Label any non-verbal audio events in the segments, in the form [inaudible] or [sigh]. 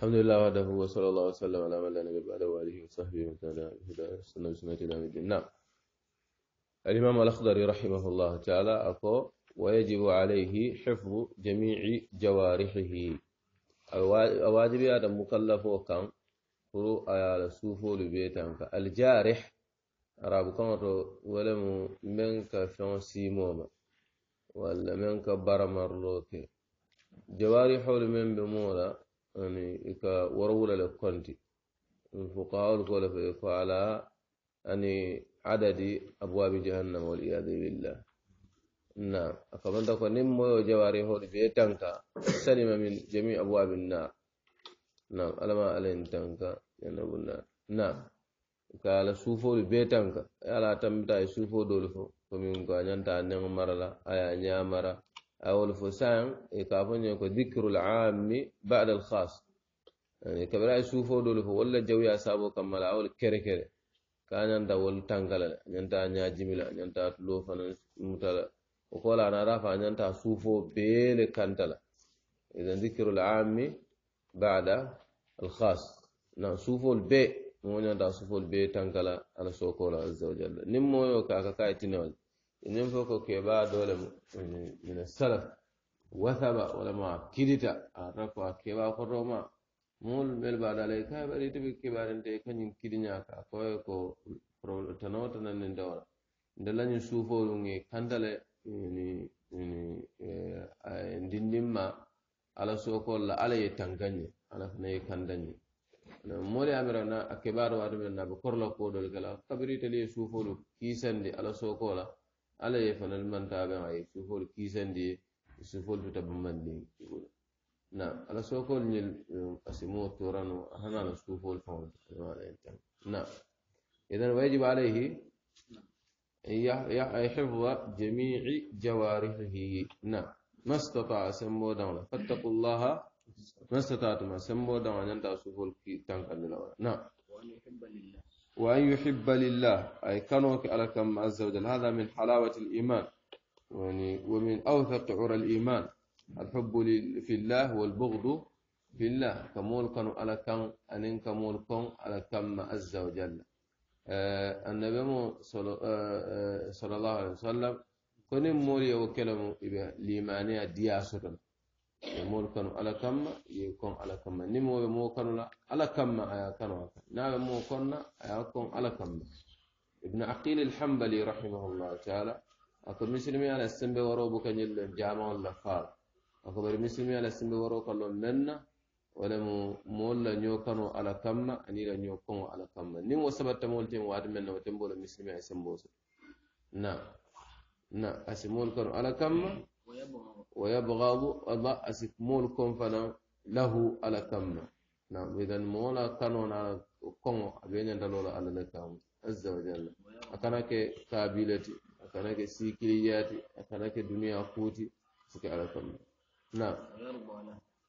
الحمد لله وحده وصلى الله وسلم على من لا نبي بعده واله وصحبه وتعالى بهدى السنه وسنه الى الدين نعم الامام الأخضر رحمه الله تعالى اكو ويجب عليه حفظ جميع جوارحه الواجب هذا مكلف وكم فرو على سوفو لبيتانك الجارح arabu kaŋoto ولم منك meŋ ka feŋo منك برمر لوكي meŋ ka baramarloo ke ani ika warwula le konti fuqahaul kola fe fala ani adadi abwabi jahannam wal iyadu billah na akamanta ko nim moyo jawari hodi be tanka ma min jami abwabi na na alama alain tanka yana bunna na ka la sufo bi tanka ala tambita e sufo dolfo ko min ko nyanta nem marala aya nyamara أو الفسان يكافون ذكر العام بعد الخاص يعني كبرا يشوفوا دول ولا جوي أصابوا كمال أو الكره كره كان عند أول تانغلا عند أنيا جميلة عند أتلو فن متلا وقال أنا رافع عند أشوفوا بيل كنتلا إذا ذكر العام بعد الخاص نشوفوا البيت مو عند أشوفوا البيت تانغلا على سوكولا عز وجل نمو يوكا كايتنوال enen fof ko keɓa dole mine salaf wasaba walama kidita ata ko a keɓa kotoma mol bel baɗa alay e ka ɓaɗi tiɓi keɓarente kañum kidiñaka koye ko e tanawtanande dewra ndelañum suufoɗume kantale e, dindinma ala sokolla ala ye tankañe ala fana ye kantañe moolu amirana a keɓaɗo waɗumen naɓe korla kodol gala kabiritali ye suufolu kiisandi ala sokola ala ye fanal mantaɓen aye sufol kisandi sufol tuta bambandi na ala sokol ñil asimo torano hanala sufol fawalten na idan wajib alayhi أن حفظ جميع جوارحه نعم ما استطاع سمو دعونا فاتقوا الله ما استطعتم سمو دعونا أنت أصفوا الكي تنقل نعم وأن يحب لله وأن يحب لله أي كانوا على كم عز وجل هذا من حلاوة الإيمان يعني ومن أوثق عرى الإيمان الحب في الله والبغض في الله كمول كانوا على كم أن كمول كون على كم عز وجل آه النبي صلى, آه،, آه صلى الله عليه وسلم كن مولي وكلمه الإيمانية دياسة يمور كانوا على كم يكون على كم نمو يمو كانوا على كم آية كانوا نا يمو كنا آية كم على كم ابن عقيل الحنبلي رحمه الله تعالى أكو مسلمي على السنب وروبو كان يلن جامع الله خال أكو بري مسلمي على السنب وروبو كان يلن ننا ولم مولا نيو كانوا على كم أني لنيو كانوا على كم نمو سبت مولتين وادمنا وتنبول مسلمي على السنبوس نا نعم. نا نعم. أسمول كانوا على كم نعم ويبغض الله أسكمول كون فنا له على كمنا نعم إذا مولا كانون على كون أبين دلولا على لكام عز وجل أكنك كابيلتي أكنك سيكلياتي أكنك دنيا قوتي سك على كمنا نعم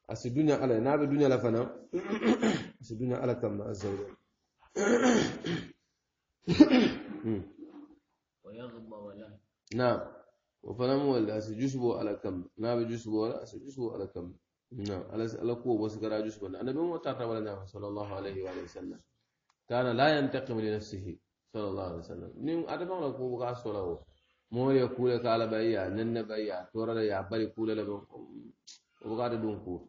أسي دنيا على نعم دنيا لفنا أسي دنيا على كمنا عز وجل [coughs] ويغضب له نعم وفنم ولا سجسبو على كم نابي جسبو ولا سجسبو على كم نعم على على قوة وسكرا جسبو أنا بمو تعتبر لنا نعم؟ صلى الله عليه وآله وسلم كان لا ينتقم لنفسه صلى الله عليه وسلم نيم أدبا ولا قوة بقاس ولا هو مو يقول كالا بيا نن بيا تورا لا يعبر يقول لا وبقاعد دونكو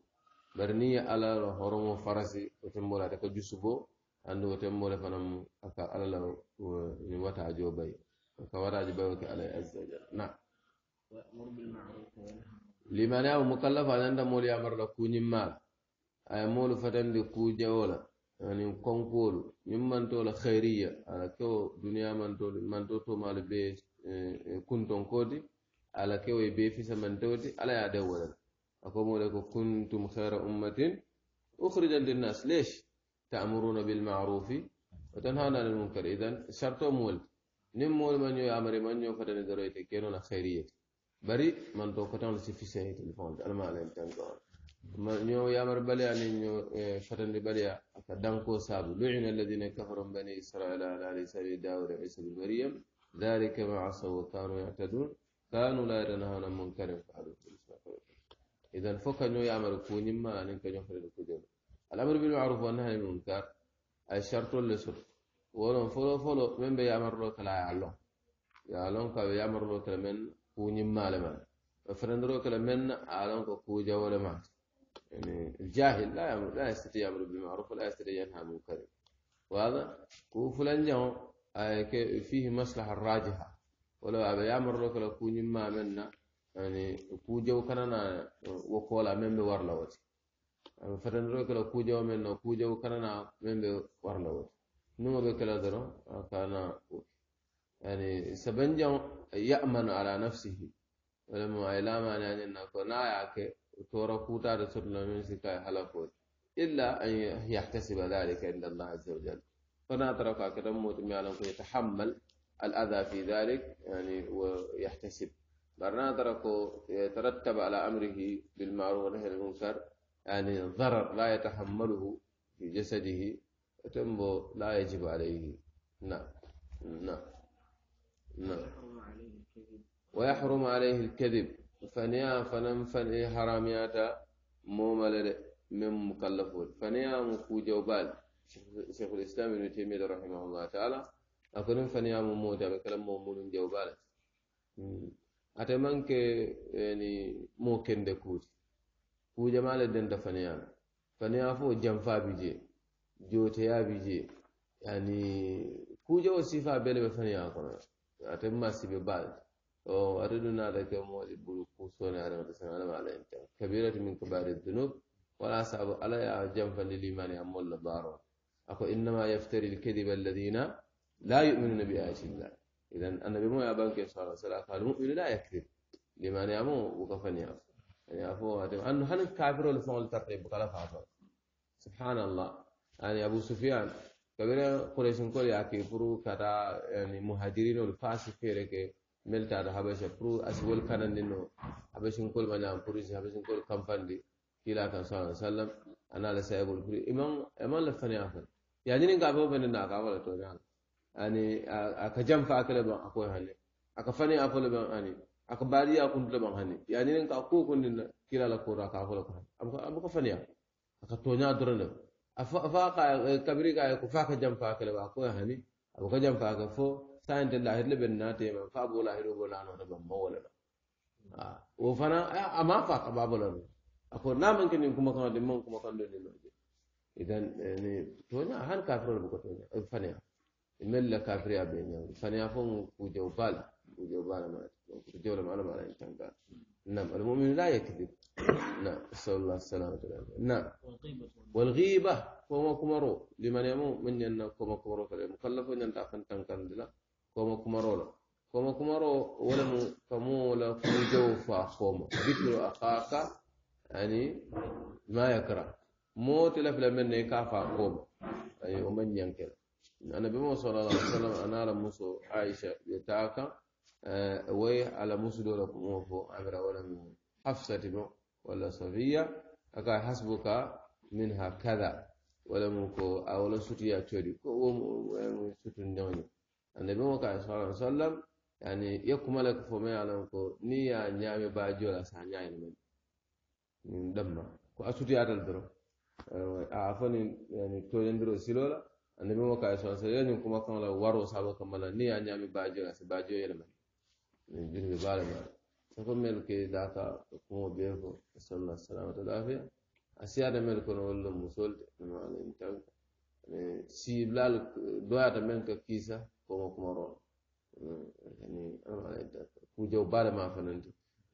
برني على هرم فرسي وتمولا تك جسبو عنده وتمولا فنم أكا على لا وتعجو بيا كوراج بيا على عز وجل نعم liman ya mukallafa nan da mol ya marla kunyin mal ay mol fatan di kuje wala ani konkolu nyim man to la khairiya ala ko duniya man to man to to be kunton kodi ala ko be fi samantoti ala ya dawala ako mole ko kuntum khaira ummatin ukhrijat lin nas lesh ta'muruna bil ma'ruf wa tanhauna 'anil munkar idan shartu mol nim mol man yo amare man yo fatan di roite keno bari man do ko tan si fisé téléphone alma len tan ko man ñoo yamar bale ani ñoo fatandi bale ak danko sabu lu'ina alladhina kafaru bani israila ala lisani daud wa isa ibn maryam dhalika ma asaw ya'tadun la yanahuna عصوا وكانوا idan كانوا لا يتناهون عن منكر فعلوه اذا ko نو يعمل ko ما ان كان يفعل كذا الامر بالمعروف والنهي عن المنكر الشرط للسر folo فلو فلو من ro kala ya allah ya كا ka لو marlo كوني men ku nyim malama فرندرو كلا من عالم كوجا ولا ما يعني الجاهل لا يعمل لا يستطيع يعمل بالمعروف ولا يستطيع ينهى عن المنكر وهذا كو فلان جو آه، فيه مصلحة راجحة ولو أبي آه، يعمل لو لو كوني ما منا يعني كوجا وكنا وكولا من بوار لوتي بورلوت فرندرو كلا كوجا ومنا كوجا وكنا من بوار لوتي نمو بكلا درو آه، كان يعني سبنجا يأمن على نفسه ولما إلام أن يعني أنك نايعك تورا كوتا رسول الله من سكاي حلفوت إلا أن يحتسب ذلك عند الله عز وجل فنا ترك كده موت يتحمل الأذى في ذلك يعني ويحتسب برنا تركه يترتب على أمره بالمعروف ونهي المنكر يعني ضرر لا يتحمله في جسده تنبو لا يجب عليه نعم نعم نعم. ويحرم عليه الكذب فنيا فنم فني حرامياتا مومل من مكلفون فنيا مفوجا وبال شيخ الاسلام ابن تيميه رحمه الله تعالى اقول فنيا مومودا بكلام مومول جوبال اتمنك يعني مو كند كوجا مال دنت فنيا فنيا فو جنفا بيجي جوتيا بيجي يعني كوجا وصفا بلا فنيا كنا aten masibe baade o ate dunaaɗa ke moɗi ɓuru kuusone adamata sana alama ala en tan kabirati min kabari dunub wala saabu ala ya janfandi limani a molla baaro ako innama yaftari lkadiba alladina la yuminuna bi ayati llah idan annabi mo ya banke sa sala ka almuminu la yakdib limani amo woka faniya yani afo ate anno hanin kafirol foŋol tarte bukala faatol subhanallah yani abu sufyan kabira kuresinkol ye a ke pour kata yani muhajirinol faasi feere ke mel taata habasa pour asiwol kanandi no habasinkol ma ñaam pour si habasinkol kamfandi kiila kan sa sallam ana la sayagol pour iman iman la fani a fan yañinin ka fo fene na ka wala to ñaala ani aka jam fa akele ban akoy hani aka fani a fole ban ani aka baadiya kuntule ban hani yañinin ka ko kondinna kiila la kora ka fole ko hani abuka faniya aka toña dorone afaka kabiri ka ko faka jam faka le ko hani abu ka jam faka fo sayante lahir le ben nate man fa bo lahir bo lano da ban mawala wo fana amma faka babula no ako na man kin kuma kan da man kuma kan da ne loje idan ne to na har kafir bu ko to ne fane mella kafir ya be ne fane afon ku jawbal ku jawbal ma الرجال ما على كان قال نعم المؤمن لا يكذب نعم صلى الله السلامة والعافية نعم والغيبة كما كمرو لمن يمو من ين كما كمرو مكلف ين تاكن تنكن دلا كما كمرو لا كما كمرو ولا كمو لا كمجوفا فاخوما بكر أخاك يعني ما يكره موت لف لمن يكافا كما أي ومن ينكر أنا النبي صلى الله عليه وسلم أنا لمسو عائشة يتأكل way ala musudola kumo fo abira wala mu hafsati mo wala safiya aka hasbuka minha kada wala mu ko awala sutiya codi ko womu sutun newño annabi mo ka sallallahu alaihi wasallam yani yakkumala ko fo mai alan ko ni ya ñaami baajola sa ñaayino men min damma ko a sutiyatal doro a fo nin yani toñondiro silola annabi mo ka sallallahu alaihi wasallam kuma kan la waro sabo kamala ni ya ñaami baajola si baajo yelemen جهد بارك سفر ملك داتا قومو بيهو صلى الله السلامة دافيا أسياد ملك نولو مسولت نما نمتن يعني سيبلال دوية ملك كيسا قومو كمارو يعني أنا كوجو بارك ما فننت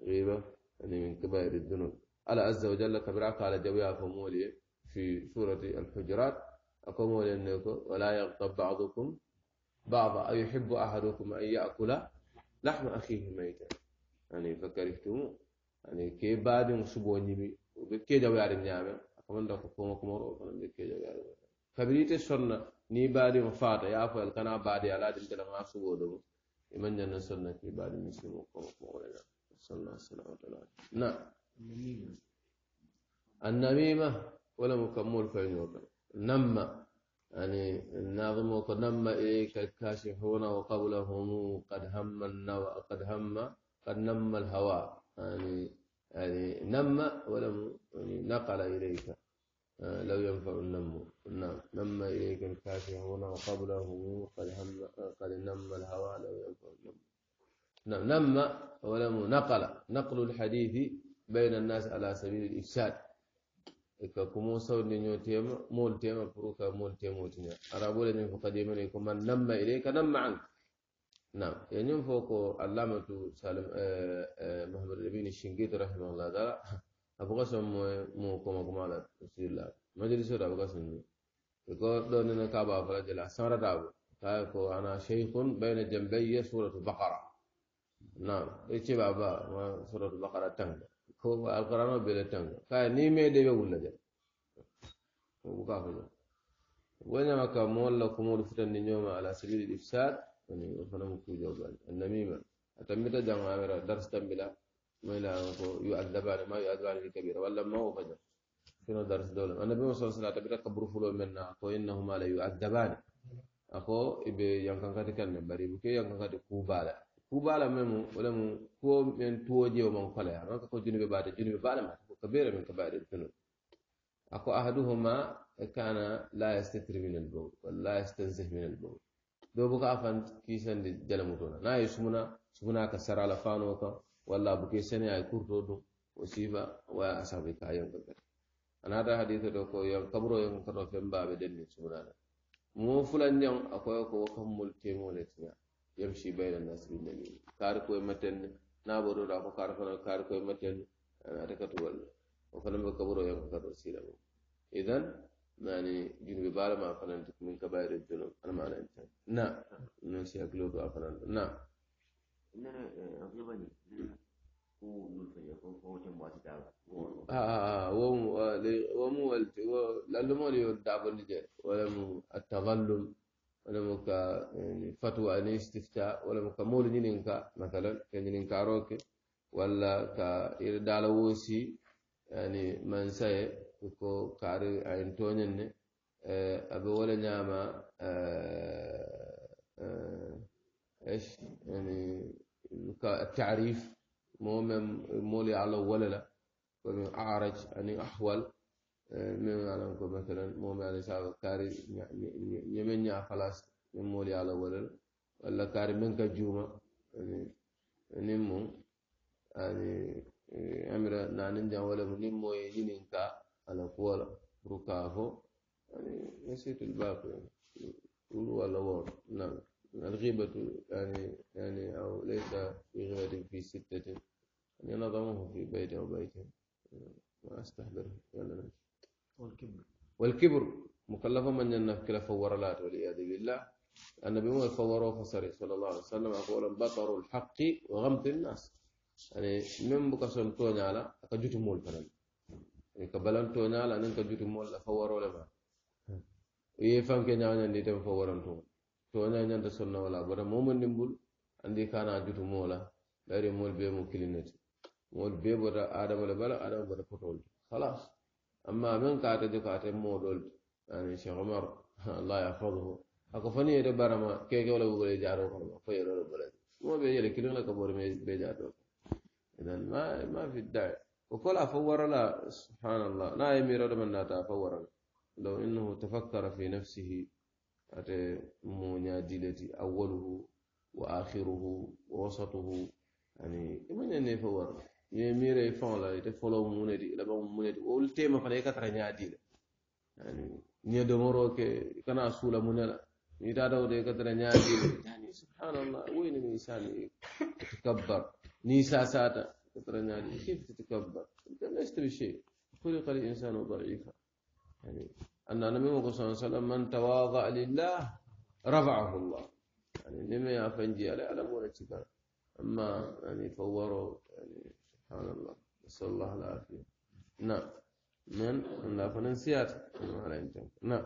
غيبة يعني من كبير الدنوب على عز وجل كبراك على جويا فمولي في سورة الحجرات أقوم ولا يغضب بعضكم بعض أيحب أحدكم أن يأكل لحم أخيه ميتا يعني فكرهتموه يعني كي بعد مصبو نيبي وبكي جو يعلم نعمة كمان لو كوما كومور فلان بكي جو يعلم كبريت سرنا ني بعد مفاتة يا فل كنا بعد على دين ما سبو دو إمن جنة سرنا كي بعد مسلم وكوما كومور صلى الله عليه وسلم نعم النميمة ولا مكمل فين نما يعني الناظم وقد إليك الكاشحون وقبلهم قد هم النوى قد هم قد نم الهواء يعني يعني نم ولم يعني نقل إليك آه، لو ينفع النم نعم نم إليك الكاشحون وقبلهم قد هم قد نم الهوى لو ينفع النم نعم نم ولم نقل نقل الحديث بين الناس على سبيل الإفساد ka kumo sawni ño tema mool tema puruka ka mool utinya arabu le ñon kadima ni kuma man namma ilayka namma ank nam ya ñon fo ko allamatu salim muhammad labini shingit rahimahullah taala abuka son mo mo koma kumala rasulillah majliso da abu son ni ko do nina kaba afala fala jela sanratabo kaya ko ana shaykhun bayna jambayya suratu baqara nam ichi baba suratu baqara tanga ko alqur'ano bele tan ka ni me de be wulla de ko ka ko wona ka molla ko mo futan ni nyoma ala sabili ifsad ani fana mo ku jobal annamima atambita jama'a dars tambila ولا يؤذبان ما يؤذبان الكبير ولا ما هو فجر شنو درس دولة النبي صلى الله عليه وسلم كبر فلو منا أكو إنهما لا يؤذبان أكو إبي ينكن كاتي كلمة بري بكي ينكن كاتي كوبالا kuba la memu wala mu ko men tuwoje o man kola ya ko junube baade junube baade ma ko kabira min kabaa'ir dunub ako ahaduhuma kana la yastatri min al-bawl wal la yastanzih min al-bawl do buka afan kisande jalamutona na ye sumuna sumuna ka sarala fano ka walla buke sene ay kurto dum o sifa wa asabe ka yonka gata anata haditha do ko yon kabro yon kato fembaɓe denni sumunana mo fulan jan akoyo ko kammol temole tiñaa يمشي بين الناس بالنميمة كاركو يمتن نابرو راكو كارفنا كاركو يمتن أنا أتكتو ولا وفنم بكبرو يمكو كارو سيلا إذن يعني جنوب بالا ما فنانتك من كبائر الذنوب أنا ما أنا أنت نعم نسي أقلوب أفنان نعم إننا أغلبني ومو التغلم ولا مكا يعني فتوى اني استفتاء ولا مكا مول نينكا مثلا كنينكا روكي ولا كا يردالوسي يعني من ساي كو كاري انتونين آه، ابو ولا نعمة آه، آه، ايش يعني التعريف مومم مولي على ولا لا ومن يعني اعرج يعني احول min alan ko masalan momi alay saba kaari ñemen ña falas min mooli ala walal walla kaari men ka juuma nin mo ani amira nanin jan wala mo nin moye ñinin ka ala kuwola pour ka fo ani wasitul baqi wulu walla woor nam الغيبة يعني يعني أو ليس بغيبة في ستة يعني نظمه في بيت أو بيت ما أستحضره ولا نمشي والكبر والكبر مكلف من ينف كلا فورلات والعياذ بالله النبي مو فوروا فسري صلى الله عليه وسلم أقول بطر الحق وغمط الناس يعني من بك تونا على كجوت مول فلان يعني كبلان تونا على أن كجوت مول فوروا لما يفهم إيه كنيانا اللي تم فورنتوني tona ñanta sonna wala bara momandi mbul andi kana jutu كان ɓayri مولا be مول بيمو mol مول bota آدم ولا bala آدم bota potol خلاص أما من دي كاتا مودول يعني شيخ عمر الله يحفظه أكو فني يدبر ما كي كي ولا بقول يجارو كم فيرو ولا مو بيجي لك كلنا كبر بيجاتو إذا ما ما في الداعي وكل أفور لا سبحان الله لا يمير من لا أفور لو إنه تفكر في نفسه أتى دلتي أوله وآخره ووسطه يعني من يفور يميري فون لا يتفولو موندي لا بام موندي اول تيما فلا يكتر نيادي لا يعني ني دومورو كي كانا سولا مونلا ني تا داو دي كتر نيادي يعني سبحان الله وين الإنسان انسان يتكبر ني ساساتا كتر نيادي كيف تتكبر انت ما تري شيء خلق الانسان ضعيفا يعني ان انا ميمو صلى الله عليه وسلم من تواضع لله رفعه الله يعني نمي يا فنجي على مورتي اما يعني فوروا يعني سبحان الله نسأل الله العافية نعم, نعم. نعم. نعم. من لا فننسيات نعم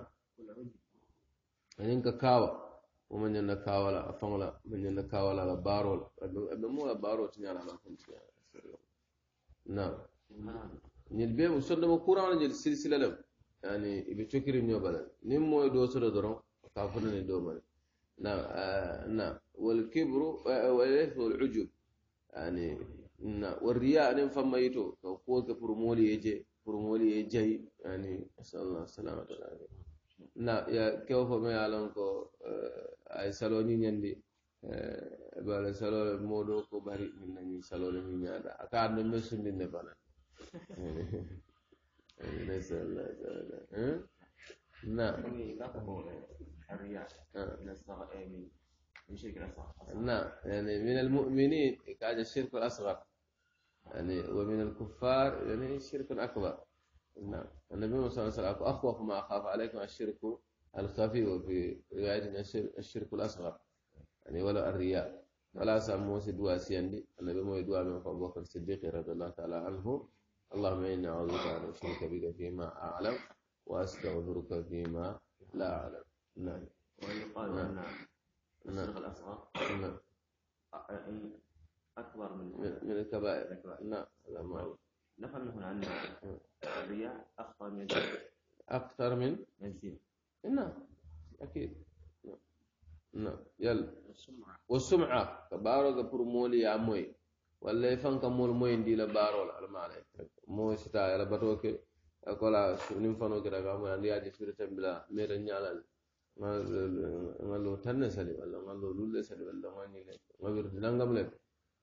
أنك كاوى ومن ينا كاوى لا فنلا من ينا كاوى لا بارول أبن مو لا بارول تنيا لا كنت نعم نلبي وصلنا مكورا على السلسلة لم يعني بتشكر نيو بلد نمو يدوسر درون كافرنا ندومنا نعم آه، نعم والكبر آه، والعجب يعني na warriya anin famma yito ka koke pour moolu ye je pour moolu ye jayi ani sallah salamatu alafi na ya kewo fo me ye lon ko ay salo ñiñandi bala salole moɗo ko bari min nañi salole mi ñaada aka anno me sundinde bana nasallah taala نعم نعم يعني من المؤمنين كاد الشرك الأصغر يعني ومن الكفار يعني شرك أكبر نعم النبي صلى الله عليه وسلم أخوف ما أخاف عليكم الشرك الخفي وفي رواية الشرك الأصغر يعني ولا الرياء ولا سموه سدوا سيندي النبي مو يدوا من أبو بكر الصديق رضي الله تعالى عنه اللهم إني أعوذ بك أن أشرك بك فيما أعلم وأستغفرك فيما لا أعلم نعم ويقال نعم. أن الشرك الأصغر نعم أكبر من من الكبائر نعم لا نقل هنا عن الرياء أخطر من أكثر من الزنا نعم أكيد نعم. نعم يلا والسمعة والسمعة بارو كبر مولي يا موي ولا يفهم كمول موي دي لبارو لا ما عليك مو ستا يلا بتوكي أقول سنين فانو كده كم عندي أجي في بلا ميرن يالا ما ما لو تنسلي ولا ما لو لولسلي ولا ما نيجي ما بيرد لانغام لك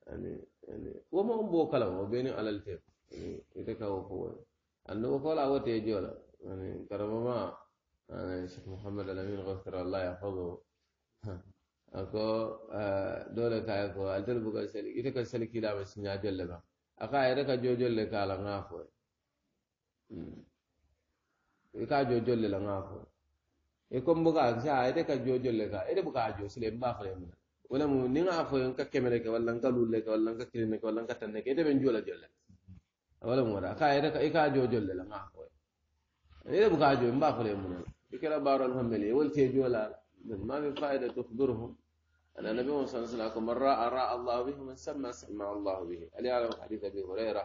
يعني يعني وما هم بو كلام وبيني على التيب يعني يتكاو هو أنه قال أو تيجولا يعني كرمما يعني شيخ محمد الأمين غفر الله يحفظه أكو آه، دولة كايكو ألتل بقى سلك يتكا سلك لا بس نعجل لك أكا يتكا جوجل لك على غافو يتكا جوجل لك غافو يكون بقى أكسا يتكا جوجل لك يتكا بقى جو سلم باخر يمنا ولم نيغا فو ينكا كمرك ولا نكا لولك ولا نكا كلينك ولا نكا تنك ايتا بن جولا جولا ولا مورا كا ايتا ايكا جو جولا لا ما فو ايتا بكا جو مبا فو لمن بكرا بارو الهملي ولتي جولا ما في فائده تخبرهم أنا النبي صلى الله عليه وسلم من رأى رأى الله به من سمى سمع الله به ألي يعلم حديث أبي هريرة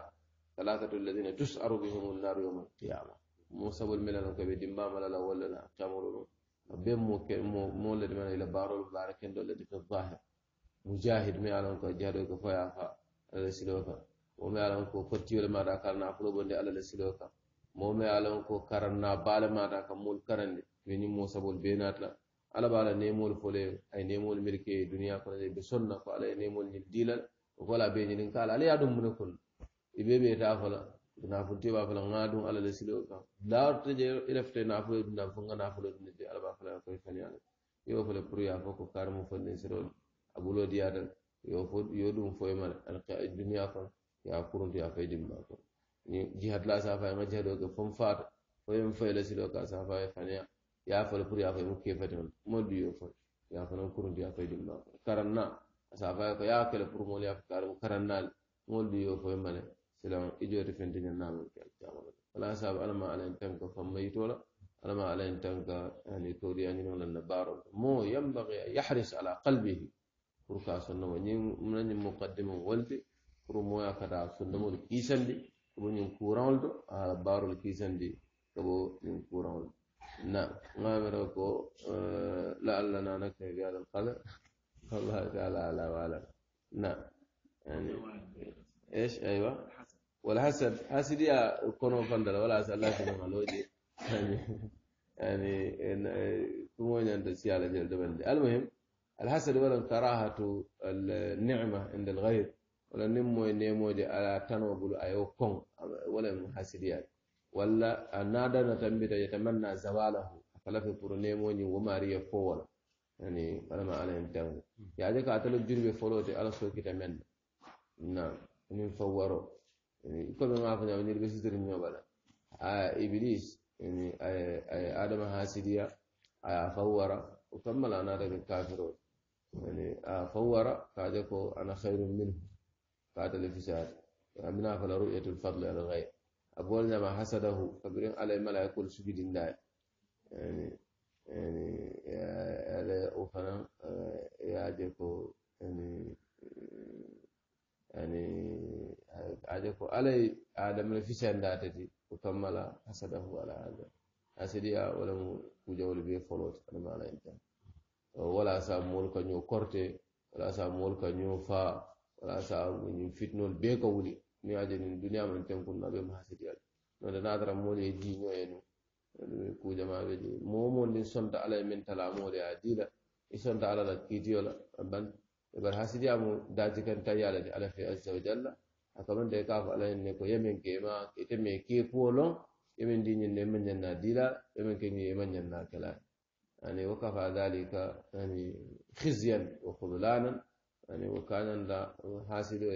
ثلاثة الذين تسأر بهم النار يوم القيامة موسى والملل كبير دمام لا ولا لا تامر بين مولد من إلى بارول بارك إن دولة في الظاهر مجاهد ما يعلم كو جهاد كو فيا فا على سلوكا وما يعلم كو فتي ولا ما ذكرنا فلو بند على سلوكا ما يعلم كو كرنا بال ما ذكر مول كرن من موسى بول بينات لا على بالا نيمول فولي أي نيمول ملكي دنيا كنا بسنة فعلى نيمول نبديلا ولا بيجي نكال على يادم منكم إبي بيتا فلا nafulte ba fala ŋa duŋ alla le silo kaŋ laarte je i lafite nafulo dunda fo ŋa nafulo dunda je alla ba fala ko i e fani ala i wo fale pour ya fo ko karimu fondi e siro a bulo diya dal yo fo yo duŋ fo i e mala al qiyaa dunya kaŋ ya kurunti ya fay dimba ko ni jihad la safa ŋa jihad ke fo faata fo yem fay la silo ka safa ya fani ya fale pour ya fo mu kefati mo mo du yo fo ya fana kurunti ya fay dimba ko karanna safa ko ya kele pour mo ya karamu karanna mo du yo fo mala silaŋ ijooti fentiña naamen ke alkiyamala wala saabu alama ala en tanka fammbayitola alama ala en tanka yani kawriyañinola na baarol mo yambagi an yahris ala qalbihi pour ka sonnomo ñinañin muqaddimum wolde pour moya kata sondomol kiisandi kobo ñin kuraŋol to ala baarol kiisandi kobo ñin kuraŋol نعم غامر وكو لعلنا نكتفي بهذا القدر والله تعالى اعلى واعلم نعم يعني ايش ايوه wala hasad asidiya kono fandala wala hasad la kono maloje يعني كمون يعني، عند السيالة جل دبل المهم الحسد ولا كراهة النعمة عند الغير ولا نمو نمو على تنوبل أيو كون ولا محسديات يعني. ولا النادى نتنبت يتمنى زواله فلا في برنيموني وماريا فولا يعني ما عليهم تنو يعني كاتلو جربي فلوتي على سوكي تمنى نعم من فورو يعني كل ما عرفنا من يلبس من النوبلة إبليس يعني آه، آه، آدم هاسيديا آه، فورا وكمل أنا ذلك الكافرون يعني فورا كادكو أنا خير منه كاد الفساد أمنا فلا رؤية الفضل على الغير أقول ما حسده فبرين على ما لا يقول سجد الله يعني يعني على أفنى يا يعني يعني aje ko alay adama le fisandate o kammala hasadahu ala hada asidiya wala mo kujawol be folot adama ala en tan wala sa mool ka ñoo korte wala sa mool ka ñoo faa wala sa ñin fitnol bee ka wuli ni aje nin duniya man tenkunna ɓe mo hasidiyal nonde naatara mool ye jiiñoo e nu kujama ɓe je momo ndin sonta ala e men talamoole a diila i sonta ala la kiitiyola ban ebar hasidiyamo daaji kan tawi ala de ala fe azza wa jalla akalonde ka fa ala ne ko yemen ke ma ite me ke fuolon yemen di nyen men nyen na dila yemen ke nyen men nyen na kala yani wakafa dhalika yani khizyan wa khudlanan yani wakanan la hasilu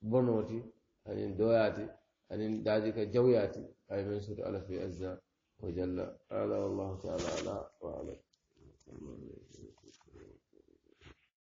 bonoti yani doyati yani daji ka jawyati ay men sutu ala fi azza wa jalla ala wallahu ta'ala ala wa ala